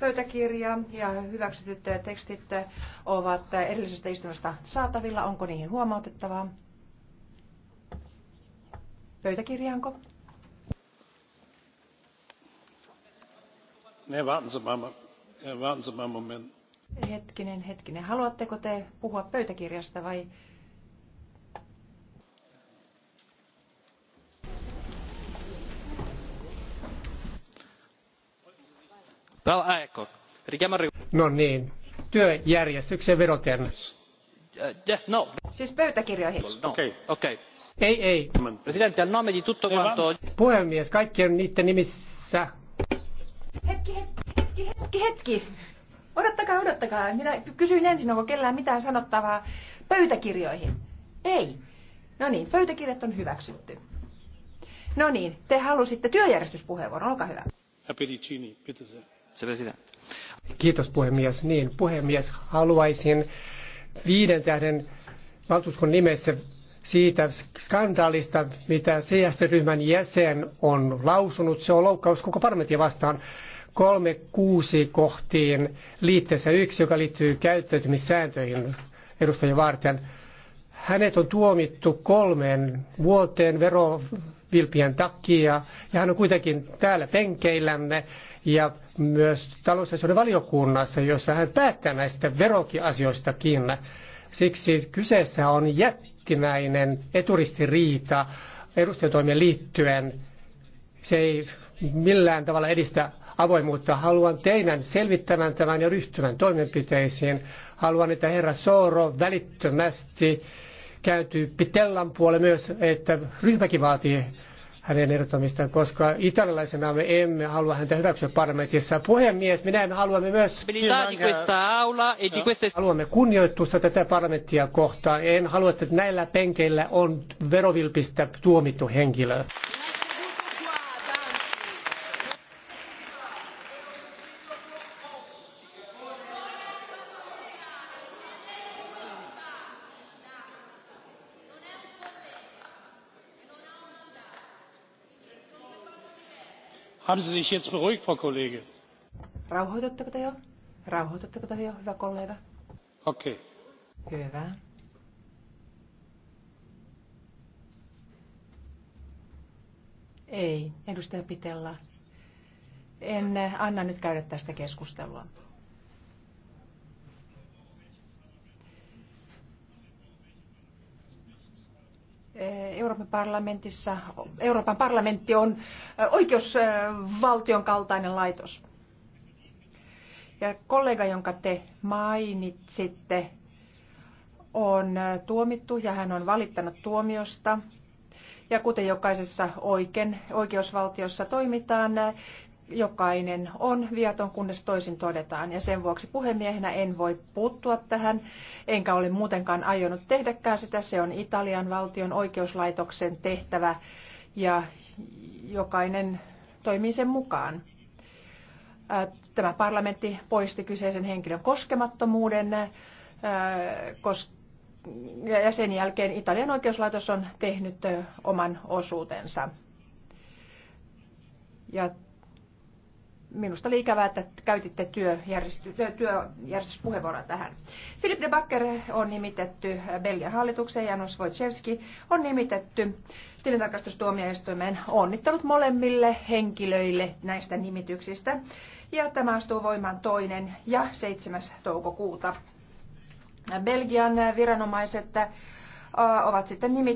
Pöytäkirja ja hyväksytyt tekstit ovat edellisestä istunnosta saatavilla. Onko niihin huomautettavaa? Pöytäkirjaanko? Ne warten se mal, Hetkinen, hetkinen. Haluatteko te puhua pöytäkirjasta vai No niin, työjärjestykseen vedoten. Uh, yes, no. Siis pöytäkirjoihin. No. okei. Okay. Ei, ei. Presidentti, al nome di tutto quanto... Puhemies, kaikkien niiden nimissä. Hetki, hetki, hetki, hetki. Odottakaa, odottakaa. Minä kysyin ensin, onko kellään mitään sanottavaa pöytäkirjoihin. Ei. No niin, pöytäkirjat on hyväksytty. No niin, te halusitte työjärjestyspuheenvuoron, olkaa hyvä. Herr Pedicini, bitte Kiitos puhemies. Niin, puhemies, haluaisin viiden tähden valtuuskon nimessä siitä skandaalista, mitä cst ryhmän jäsen on lausunut. Se on loukkaus koko parlamentin vastaan. Kolme kuusi kohtiin liitteessä yksi, joka liittyy käyttäytymissääntöihin edustajien varten. Hänet on tuomittu kolmeen vuoteen verovilpien takia ja hän on kuitenkin täällä penkeillämme ja myös talousasioiden valiokunnassa, jossa hän päättää näistä verokiasioistakin. Siksi kyseessä on jättimäinen eturistiriita edustajatoimien liittyen. Se ei millään tavalla edistä avoimuutta. Haluan teidän selvittämään tämän ja ryhtymän toimenpiteisiin. Haluan, että herra Sooro välittömästi kääntyy Pitellan puolelle myös, että ryhmäkin vaatii hänen ehdottamistaan, koska italialaisena me emme halua häntä hyväksyä parlamentissa. Puhemies, minä emme haluamme myös... E haluamme kunnioitusta tätä parlamenttia kohtaan. En halua, että näillä penkeillä on verovilpistä tuomittu henkilö. haben sie sich jetzt beruhigt frau Kollege? te jo? te jo hyvä kollega? okei. Okay. hyvä. Ei, edustaja Pitella. En äh, anna nyt käydä tästä keskustelua. Eh, Euroopan parlamentissa, Euroopan parlamentti on eh, oikeusvaltion kaltainen laitos. Ja kollega, jonka te mainitsitte, on eh, tuomittu ja hän on valittanut tuomiosta. Ja kuten jokaisessa oikein, oikeusvaltiossa toimitaan, jokainen on viaton, kunnes toisin todetaan. Ja sen vuoksi puhemiehenä en voi puuttua tähän, enkä ole muutenkaan aionnut tehdäkään sitä. Se on Italian valtion oikeuslaitoksen tehtävä ja jokainen toimii sen mukaan. Tämä parlamentti poisti kyseisen henkilön koskemattomuuden, ja sen jälkeen Italian oikeuslaitos on tehnyt oman osuutensa. Ja minusta ikävää, että käytitte työjärjesty, työjärjestyspuheenvuoroa tähän. Philip de Backer on nimitetty Belgian hallitukseen, Janos Wojciechowski on nimitetty tilintarkastustuomioistuimeen. Onnittelut molemmille henkilöille näistä nimityksistä. Ja tämä astuu voimaan toinen ja 7. toukokuuta. Belgian viranomaiset äh, ovat sitten nimittäneet